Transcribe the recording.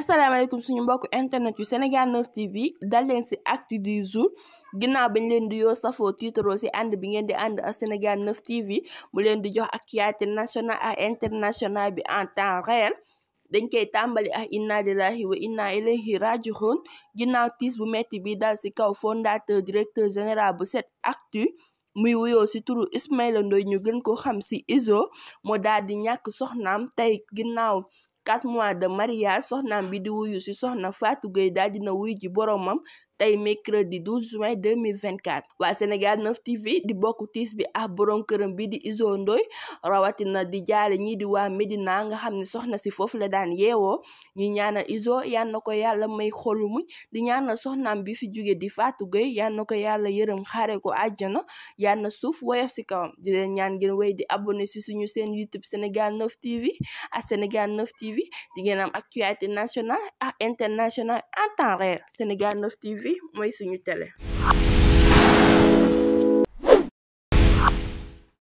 asalaamaaleykum suñu mbokk internet yu Sénégal 9 TV dal leen si actu du jour ginnaaw bañ leen di yoo safoo tiitaroo si and bi ngeen di ànd ak Sénégal 9 TV mu leen di jox actualité nationale ak internationale bi en temps réel dañ koy tàmbali ak inna lillahi wa inna ilayhi raji'un ginnaaw tiis bu metti bi dal si kaw fondateur directeur général bu SET Actu muy wuyoo si turu Ismaïla Ndoye ñu gën ko xam si Izo moo daal di ñàkk soxnaam tey ginnaaw 4 mois de mariage soxnaam bi di wuyu ci soxna Fatou Gueye daal dina wuyu ji boromam tey mercredi 12 vingt 2024 waa Sénégal 9 TV di bokk tiis bi ak boroom këram bi di ndooy Ndoye rawatina di jaale ñii di waa Médina nga xam ne soxna si foofu la daan yeewoo ñu ñaanal Izo yal na ko yàlla may xolu muñ di ñaanal soxnaam bi fi jóge di Fatou Gueye yal na ko yàlla yërëm xaare ko àjjana yal na suuf woyof si kawam di leen ñaan ngeen wéy di abonné si suñu seen YouTube Sénégal TV di ngeen am actualité nationale ak ah, internationale en Sénégal 9 TV mooy suñu télé.